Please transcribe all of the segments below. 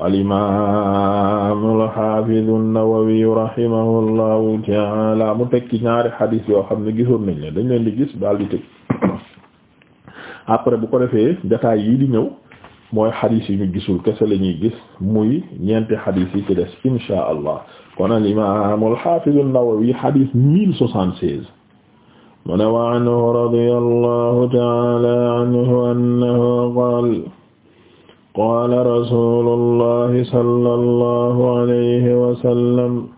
alimamu alhafidu an-Nawawi rahimahullahu taala mu tekki ñaari xadis yoo xam ne gisoon nañ ne dañ leen di gis daal di tëg après bu ko defee jotaay yii di ñëw mooy xadis yi ñu gisul kese la ñuy gis muy ñeenti xadis yi ci des inshaa allah kon alimamu alhafidu an-Nawawi xadis mille soixante-seize mu ne wa anhu radiyallahu taala anhu annahu qaala qaala rasuulullahi sallallahu alayhi wa sallam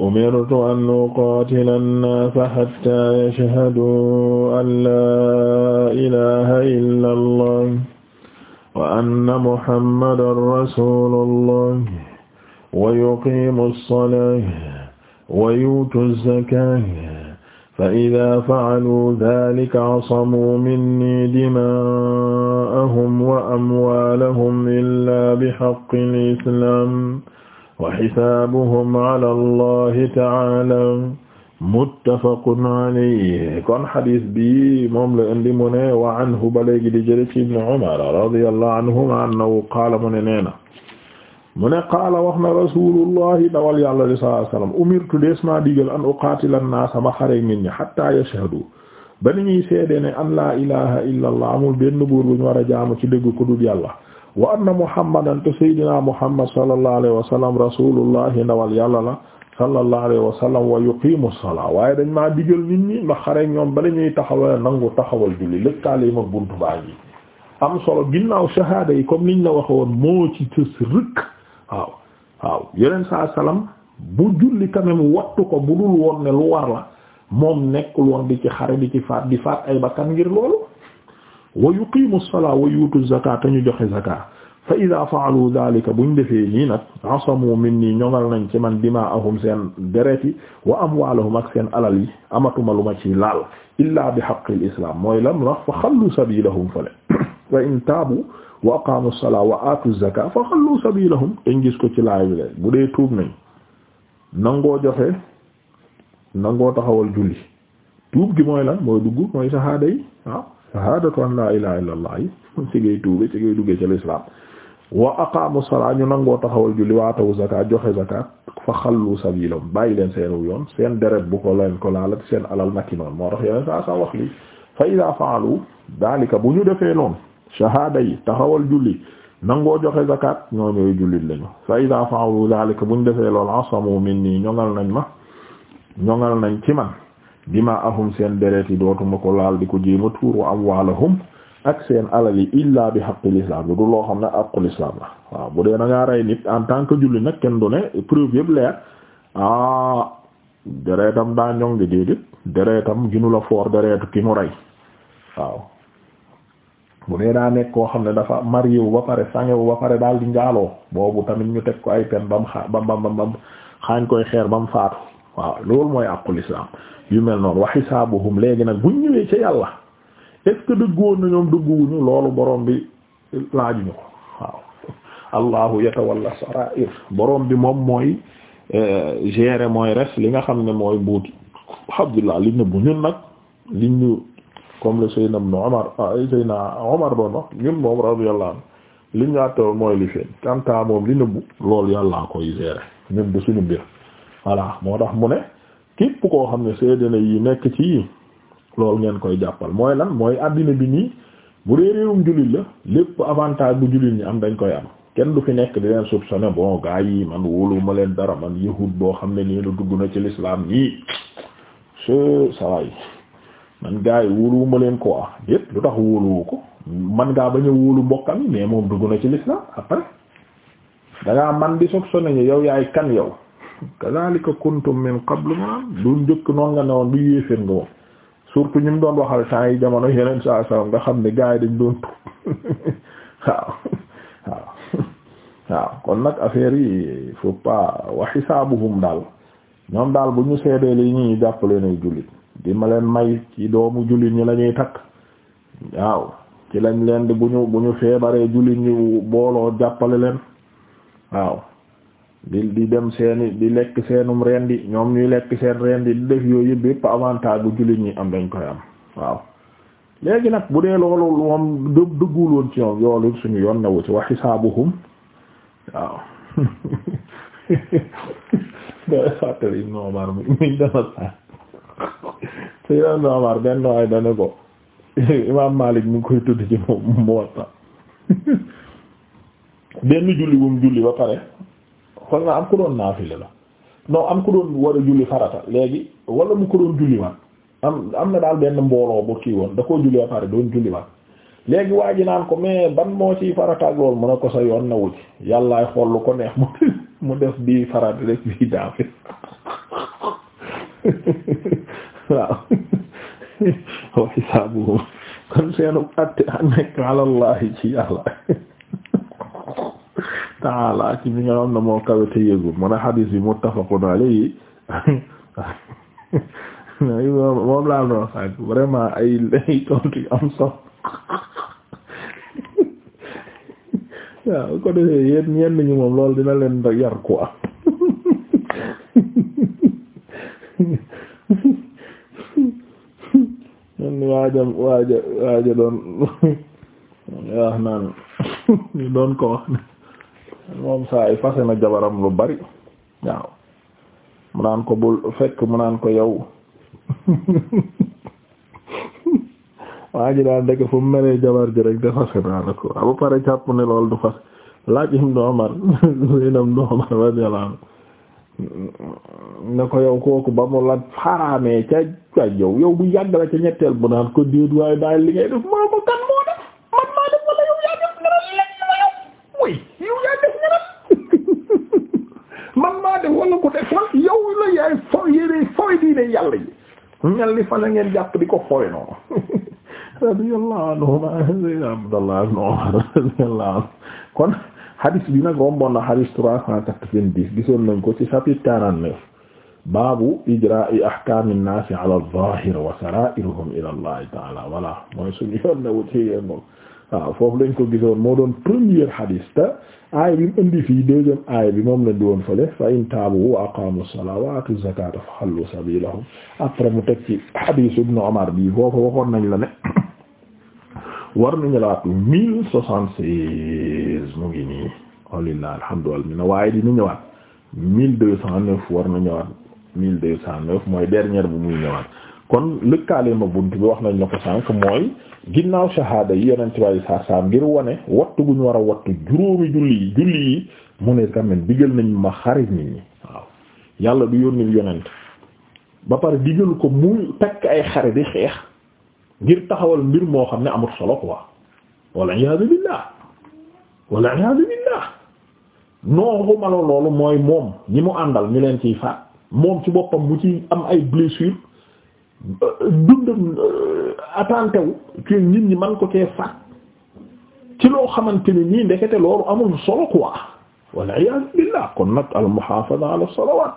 umirtu an uqaatila annaasa hattaa yashhaduu an laa ilaaha illa allah wa anna muhammadan rasuulullah wa yuqiimu as-salaata wa yu'tu az-zakaata فإذا فعلوا ذلك عصموا مني دماءهم وأموالهم إلا بحق الإسلام وحسابهم على الله تعالى متفق عليه kon xadis bi moom la indi mu ne wa anhu ba léegi di jële ci Ibn Umar radiyallahu anhuma annahu qaala mu ne nee na mu ne qaala wax na rasulullahi dawal yàlla li sallallahu alayhi wasallam umirtu dees ma digal an uqaatila an-naasa ma xare nit ñi hatta yashhadu ba ni ñuy seede ne an laa ilaha illa allah amul benn buur bu ñu war a jaamu ci dëgg ku dul yàlla wa anna muhammadan te sayyidina muhammad sallallahu alayhi wasallam rasulullahi dawal yàlla la sallallahu alayhi wasallam wa yuqimu as-salaa waaye dañ maa digal nit ñi ma xare ñoom ba la ñuy taxawal nangu taxawal julli lëkkaale yi ma buntu baa ngi am solo ginnaaw shahaada yi comme niñ la waxoon moo ci tës rëkk waaw waaw yeneen sa salaam bu julli quand même wattu ko bu dul woon ne lu war la moom nekkul woon di ci xare di ci faat di faat ay bakkan ngir loolu wa yuqimu salaa wa yuutu zakat ñu joxe zakat fa ida faalu dalika buñ defee nii nag asamu min nii ñoŋal nañ ci man dimaahum seen deret yi wa amwaalahum ak seen alal yi amatuma lu ma ci laal illaa bi haqqil islam mooy lam wax fa xallu sabilahum fale wa in taabu wa aqaamu salaa wa aatu zakaa fa xallu sabiilahum dañ ko ci laay bi bu dee tuub nañ nangoo joxe nangoo taxawal julli tuub gi mooy lan mooy dugg mooy sahaada yi waaw ah, sahaadatu an laa ilaaha illallaah yi ci ngay tuube ci ngay duggee ci lislaam wa aqaamu salaa ñu nangoo taxawal julli wa aatawu zakaa joxe zakaa fa xallu sabiilahum bàyyi leen seen yoon seen deret bu ko leen ko laala seen alal naki noonu moo tax yeneen saa saa wax lii fa idaa faalu daalika bu ñu defee shahaada yi taxawal julli nangoo joxe zakat ñooñooy jullit lañu fa ida fa'alu zalika buñ defee lool asamu minni ñoŋal nañ ma ñoŋal nañ ci man dimaahum seen deret yi dootuma ko laal di ko jéema tuur wa amwaalahum ak seen alal yi illa bi haqqil islam du loo xam ne aqul islam la waaw bu dee na ngaa rey nit en tant que julli nag kenn du ne preuve yëpp leer ah deretam daa ñoŋ di déedéet deretam ginu foor deretu ki mu rey waaw bu dee daa nekk koo xam ne dafa marié wu ba pare sange wu ba pare daal di njaaloo boobu tamit ñu teg ko ay pen bam xa bam bam bam xaañ koy xeer ba mu faatu waaw loolu mooy àqul islam yu mel noonu wa xisaabuhum léegi nag buñ ñëwee ca yàlla est ce loolu borom bi laajuñu ko waaw allahu yatawalla sarair borom bi moom mooy eh, gérer mooy res li nga xam ne mooy mbuuti alhamdulillah li nëbbu ñun nag li ñu comme le Seydina Ibn Omar ay ah, Seydina Omar doon wax ñun moom radiyallahu anhu li ñu àttewoon mooy li feeñ kanta moom li nëbbu loolu yàllaa koy gérer ñun du suñu mbir voilà moo tax mu ne képp koo xam ne seedina yi nekk ci yi loolu ngeen koy jàppal mooy lan mooy àddina bi nii bu dee réewum jullit la lépp avantage bu jullit ñi am dañ koy am kenn du fi nekk di leen soupçonné bon gaa yi man wóolu leen dara man yahud boo xam ne nii lu dugg na ci lislaam nii ce ça man gars yi wóoluwuma leen quoi yépp lu tax wóoluwu ko man ngaa bañ a wóolu mbokkam yi moom dugg na ci l'islam après dangaa man di soog sonañu yow yaay kan yow kazalika kuntum min qablu maanaam du njëkk noonu nga ne woon du yéeféer nga woon surtout ñu mu doon waxal temps yi jamono yeneen saa saa nga xam ne gars yi dañ doon tuub waaw waaw waaw kon nag affaire yi faut pas wa xisaabuhum daal ñoom daal bu ñu seedeel yi ñu jàppale ne jullit di ma leen may ci doomu jullit ñi la ñuy takk waaw ci lañ leen di bu ñu bu ñu feebaree jullit ñu booloo jàppale leen waaw di di dem seeni di lekk seenum rendi ñoom ñuy lekk seen rendi di def yooyu yëpp avantage bu jullit ñi am dañ koy am waaw léegi nag bu dee loolu moom dë ci ñoom yoolu suñu yoon newu ci wa xisaabuhum waaw da fàttali Seydina Ibn Umar benn waay dana ko Imaam Maalik mu ngi koy tudd ci Muwatta benn julli bu mu julli ba pare xool naa am ku doon naafile la non am ku doon war a julli farata léegi wala mu ko doon julli waat am am na daal benn mbooloo bu kii woon da koo julli ba pare doon julli waat léegi waa ji ko mais ban moo ci farata ak loolu mu ne ko sa yoon na wuti yàllaay xool lu ko neex mu def bii farata rek bii daafil waaw wa xisaabuhum kon seenu atte a nekk alallahi ci yàlla taala ci mi nga xam ne moo kawe te yëgul mu ne xadiis bi muttafaqun alayhi moom laa doon sànq vraiment ay lay tontu yu am solo waaw ko defee yéen ñenn ñi moom loolu dina leen yar quoi waajam waaja waaja doon wax naan ñu doon ko wax ne moom saa ay fase na jabaram lu bari waaw mu naan ko bul fekk mu naan ko yow waa ji daal dëkk fu mu meree jabar ji rek de fase naa la ko ba pare jàpp ne lool du fas laaj im doomar suy nam doomar ne ko yow kooku ba mu la xaraamee ca ca yow yow bu yàgg la ca ñetteel bu naan ko déet waaye bàyyi li ngay def maa ma kan moo def man maa def wala yow yaa def ngeral léegi ma yow oui yow yaa def ngeral man maa def wala ko def wala yow la yaay fo yéenay fooy diine yàlla yi ñal li fa la ngeen jàpp di ko fooy noonu radiyallahu anhu Seydina Abdallah ibn Umar radiyallahu anhu kon hadis bi nag romboon na hadis trois cent quatre-vingt-dix gisoon nañ ko ci chapitre quarante-neuf baabu ijra'i ahkami nnaasi ala az-zahir wa sara'iruhum ila allahi taala voilà mooy suñu yoon newu ci yéen moom lañ ko gisoon moo doon premier hadis te aaya bi mu bi moom la di woon fële fa in taabu wa aqamu as-salata wa atu zakata fa xallu sabilahum après mu teg ci hadis ibnu bi foofu waxoon nañ la ne war nañu laatu mille treize mu ngi nii walilah alhamdulilah mi na waaye dina ñëwaat mille deux cent neuf war na ñëwaat mille deux cent neuf mooy dernière bu muy ñëwaat kon lëkkaale ma bunt bi wax nañ la ko sànq mooy ginnaaw shahada yi yonent bi saa saa ngir wane wattu gu ñu war a wattu juróomi julli yi mu ne tamit digal nañ ma xarit nit ñi waaw yàlla du yónnil yonent ba pare digal ko muy takk ay xare di xeex ngir taxawal mbir moo xam ne amul solo quoi wala iyaazu billah walla iyaadu billaah non waxuma loolu mooy moom ñi mu àndal ñu leen ciy faat moom ci boppam mu ci am ay blessure euh, dund euh, attenté ci nit ñi man ko cee faat ci loo xamante ni nii ndekete loolu amul solo quoi walla iyaadu billaah kon nag al muhaafada ala salawaat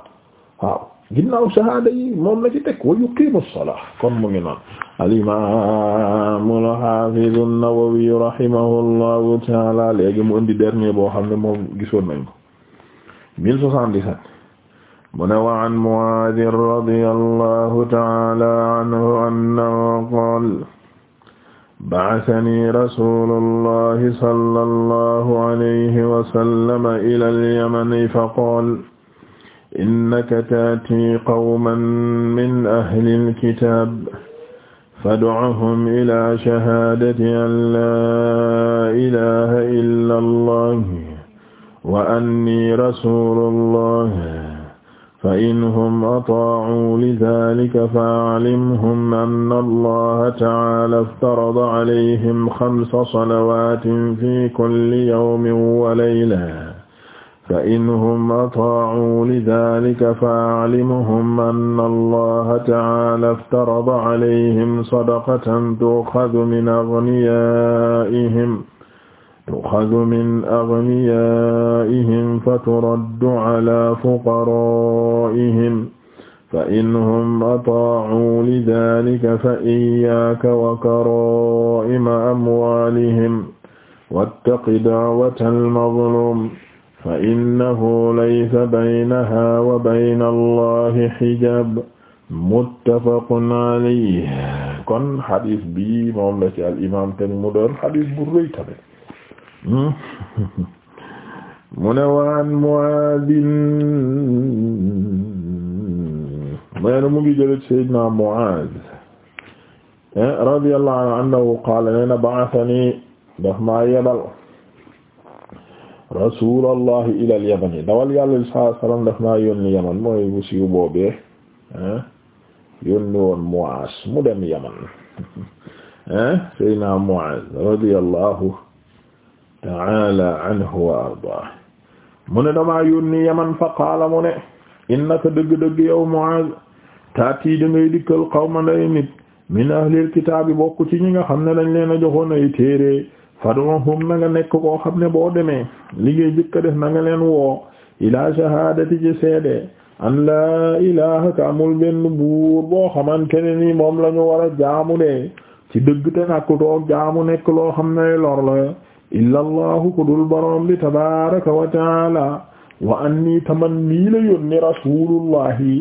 waaw ginnaaw shahada yi moom la ci teg wa yuqimu salah kon mu ngi noon al-imam al-hafiz an-Nawawi rahimahullahu ta'ala léegi mu indi dernier boo xam ne moom gisoon nañ ko 1077 mu ne wa an Mu'adh radiyallahu ta'ala anhu annahu qala ba'athani rasulullahi sallallahu alayhi wa sallam ila al-yaman fa qala innaka taati qawman min ahli alkitab fad'uhum ila shahaadati an laa ilaha illa allah wa anni rasulu allah fa inhum ataa'uu lidaalika fa'alimhum anna allaha ta'aala iftarada alayhim xamsa salawaatin fi kulli yawmin wa layla fa in hum ataa'uu lidaalika fa'alimhum anna allaha ta'aala iftarada alayhim sadaqatan tu'xadu min aghniyaa'ihim tu'xadu min aghniyaa'ihim faturaddu alaa fuqaraa'ihim fa in hum ataa'uu lidaalika fa iyyaaka wa karaa'ima amwaalihim wattaqi da'wata al-mazluum fa innahu laysa baynaha wa bayna allahi xijab muttafaqun alayhi kon xadis bi moom la ci al imam teg mu doon xadis bu rëy tamit mu ne waan Muaadin mene mu ngi jële Seydina Muaaz eh, radiyallahu anhu qaala nee na ba'athani daf maa yebal rasulallah ila al-yaman dawal yàlla sallallahu alayhi wasallam daf maa yónni yaman mooy bu siiw boobee yónni woon Muaz mu dem yaman Seydina Muaz radiyallahu ta'ala anhu wa ardaah mu ne damaa yónni yaman fa qaala mu ne innaka dëgg-dëgg yow Muaz taati da ngay dikkal qawman ay nit min ahlil kitaabi bokk ci ñi nga xam ne dañ leen a joxoon ay téere fad'uhum na nga nekk koo xam ne boo demee liggéey ngay def nanga leen woo ilaa shahaadati ci seede an laa ilaha ka amul benn buur boo xamante ne ni moom lañu ñu war a jaamu de ci dëgg te nak toog jaamu nekk loo xam ne lor la illa allahu ku dul boroom bi tabaraka wa taala wa anni taman nii la yónni rasulullahi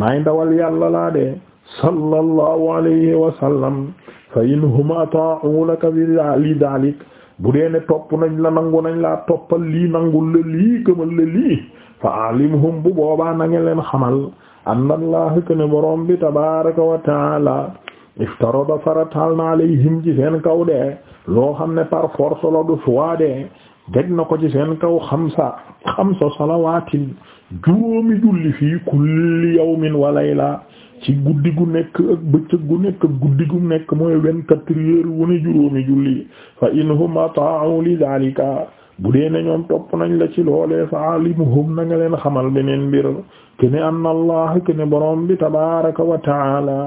maay ndawal yàlla de sallallahu alayhi wa sallam fa inhum ata'u laka li dalik bu dee ne topp nañ la nangu nañ laa toppal lii nangul la lii gëmal la lii fa alimhum bu boobaa na ngeen leen xamal anna allah kana borom bi tabaraka wa taala iftarada faratal na alayhim ci seen kaw de loo xam ne par force la du choix de deg na ko ci seen kaw xamsa xamsa salawaatin juróomi julli fii kulli yawmin wa layla ci guddi gu nekk ak bëccëg guddi gu nekk mooy vingt-quatre heures wu ne juróomi julli fa in hum ata'u li daalika bu dee ne ñoom topp nañ la ci loolee fa alimuhum na nga leen xamal beneen mbir kene anna kene borom bi tabaraka wa taala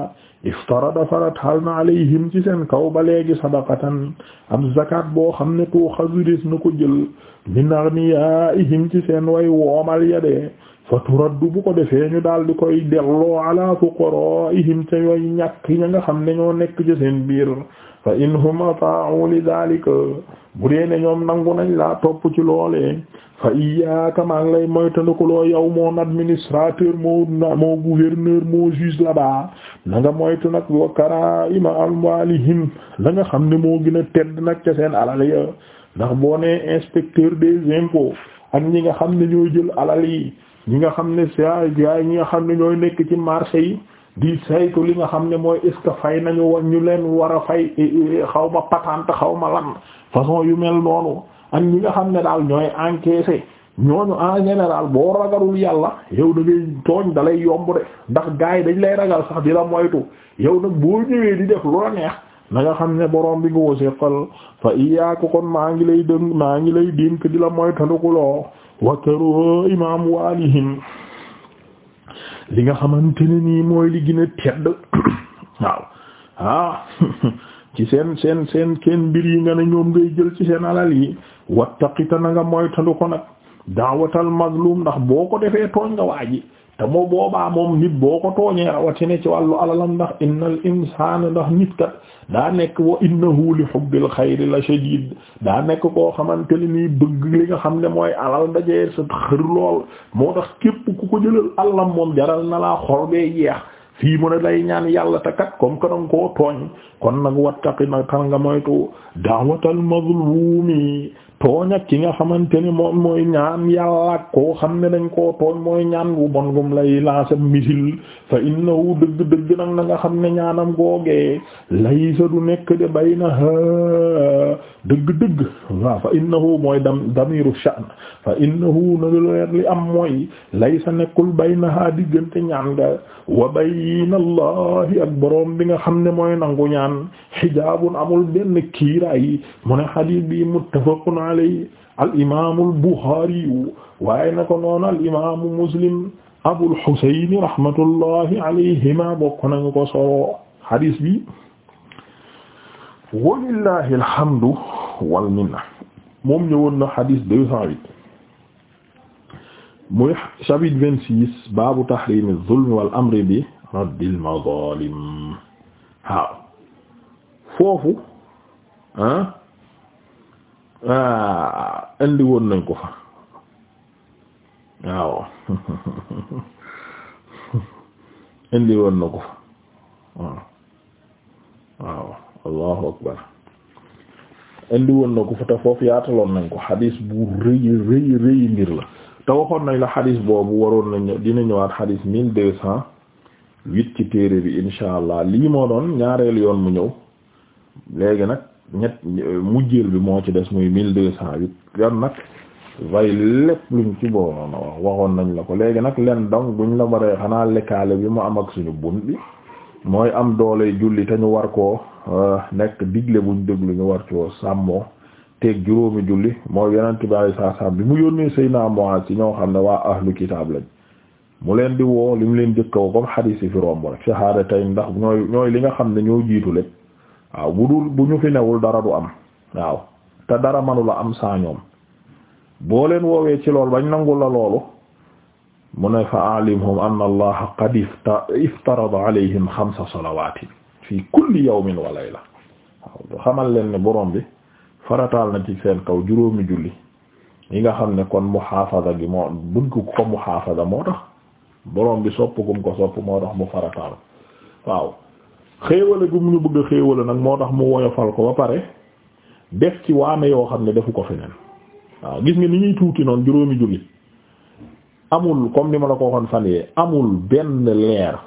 iftarada farat hal na alayhim ci seen kaw ba léegi sadaqatan ab zakat boo xam ne too xasuris na ko jël min aghniyaihim ci seen way woomal ya fa turaddu bu ko defee ñu daal di koy delloo ala fuqaraihim ca yooy ña nga xam ne ñoo nekk ci seen biir fa in hum ata'u li daalika bu dee ne ñoom nangu nañ laa topp ci loolee fa iyyaka maa ngi lay moytandikuloo yow mon administrateur moo mon gouverneur mon juge là-bas na nga moytu nag wa karaima amwalihim la nga xam ne moo gën a tedd nag ca seen alal ya ndax boo nee inspecteur des impôts ak ñi nga xam ne ñoo jël alal yi ñi nga xam ne saa yi ñi nga xam ne ñooy nekk ci marché yi di saytu li nga xam ne mooy est-ce que fay nañu wa ñu leen war a fay eh, eh, xaw ma patente xaw ma lan façon yu mel noonu an ñi nga xam ne daal ñooy encaisser ñooñu en général boo ragalul yàlla yow da ngay tooñ da yomb de ndax gars yi dañ lay ragal sax di la moytu yow nag boo ñëwee di def lu la neex na nga xam ne borom bi nga ko seqal fa iyyaaka kon maa ngi lay dénk maa ngi lay dénk di la moytandikuloo wa karahim amwalihim li nga xamante ne nii mooy li gën tedd waaw ah ci seen seen seen kenn mbir yi nga ne ñoom ngay jël ci seen alal yi wattaqita na nga mooy ko nag daawatal mazlum ndax boo ko defee tooñ nga waaji te moo boobaa moom nit boo ko tooñee rawatina ci wàllu alalam ndax innal insaana ndax nit kat daa nekk wa innahu li hubbil xayri la shadiid daa nekk koo xamante ne nii bëgg li nga xam ne mooy alal dajee sa xër lool moo tax képp ku ko jëlal alalam moom jaral na laa xol bee yeex fii mu ne day ñaan yàlla te kat comme que danga koo tooñ kon nag wattaqi nag kan nga moytu da'watal mazlumi tooñ ak ki nga xamante ni moom mooy ñaan yàlla koo xam ne dañ ko tooñ mooy ñaan gu bon gum lay lancer misil fa innahu dëgg dëgg nag na nga xam ne ñaanam googee laysa du nekk de bayna dëgg-dëgg waaw fa innahu mooy dam damiru sha'n fa innahu naleer li am mooy laysa nekkul baynaha diggante ñaan nga wa bayna allahi ak boroom bi nga xam ne mooy nangu ñaan xijaabun amul benn kiiraay mu ne xadiis bi muttafaqun alayhi al imaamul buxaari waaye na ko noonu al imaamu muslim abul xusayn rahmatullahi alayhima bokk nañu ko solo xadiis bi walillahi alhamdu wal minna moom ñëwoon na hadith deux cent huit muy chapitre vingt-six baabu tahrimi zulmi wal amri bi raddil mazalim waaw foofu ah, ah indi woon nañ ko fa waaw indi woon na ko allahu akbar indi na ko fa te foofu yaataloon nañ ko xadis bu rëy rëy rëy la te waxoon nañ la xadis boobu waroon nañ dina ñëwaat xadis mille deux cent huit ci téere bi insha allah lii moo doon ñaareelu yoon mu ñëw léegi nag ñett mujjeel bi moo ci des muy mille deux cent huit yan nag waaye lépp luñ ci boonoon a wax waxoon nañ la ko léegi nag len dong buñ la waree xanaa lekkaale bi mu am ak suñu bunt bi mooy am doole julli te ñu war ko Euh, nekk digle buñ déglu ñu war ci woo sàmmoo teeg juróomi julli mooy yonent bi alayhi salaam bi mu yónnee Seydina Muaaz ci ñoo xam ne waa ahlu kitaab lañ mu leen di woo li mu leen jëkkaw comme xadiis yi fi romb rek shahaadatayn ndax ñooy ñooy li nga xam ne ñoo jiitu lépp waaw bu dul bu ñu fi newul dara du am waaw te dara manula am saa ñoom boo leen woowee ci lool bañ nangu la loolu mu ne fa alimhum anna allaha qad iftarada alayhim xamsa salawaatin fii kulli yawmin wa layla waaw xamal leen ne borom bi farataal na ci seen kaw juróomi julli yi nga xam ne kon muhafaza gi moo bëgg ko muhafaza moo tax borom bi sopp gum ko sopp moo tax mu farataal waaw xéewale gum ñu bëgg xéewale nag moo tax mu woyofal ko ba pare def ci waame yoo xam ne defu ko feneen waaw gis nga ni ñuy tuuti noonu juróomi julli amul comme ni ma la ko waxoon fan yee amul benn leer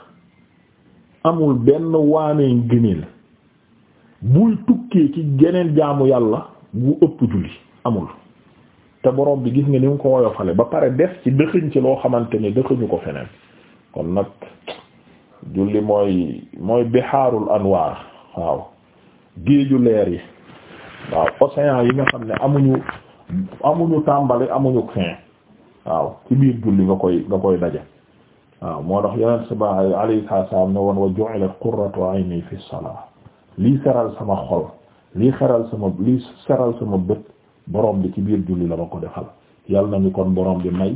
amul benn waanee ngëneel buy tukkee ci geneen jaamu yàlla bu ëpp julli amul te boroom bi gis nga ni mu ko woyofale ba pare def ci dëxëñ ci loo xamante ne dëxëñu ko feneen kon nag julli mooy mooy bihaarul anwaar waaw géeju leer yi waaw océan yi nga xam ne amuñu amuñu tàmbali amuñu fin waaw ci biir julli nga koy nga koy daje waaw moo tax yeneen sama alayhi salaam ne woon wa ju'ilat qurratu ayni fi salaa lii seral sama xol lii xeral sama lii seral sama bët borom bi ci biir julli la ma ko defal yal nañu kon borom bi may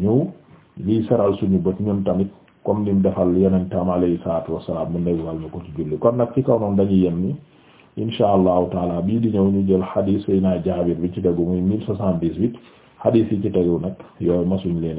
ñu lii seral suñu bët ñun tamit comme ni mu defal yonentam alayhi salaatu wa salaam mu nekkal ko ci julli kon nag ci kaw noonu dañuy yem ni insha allahu taala bii di ñëw ñu jël xadiis Seydina Jaabir bi ci tegu muy 1078 xadiis yi ci tegu nag yooyu masuñ leen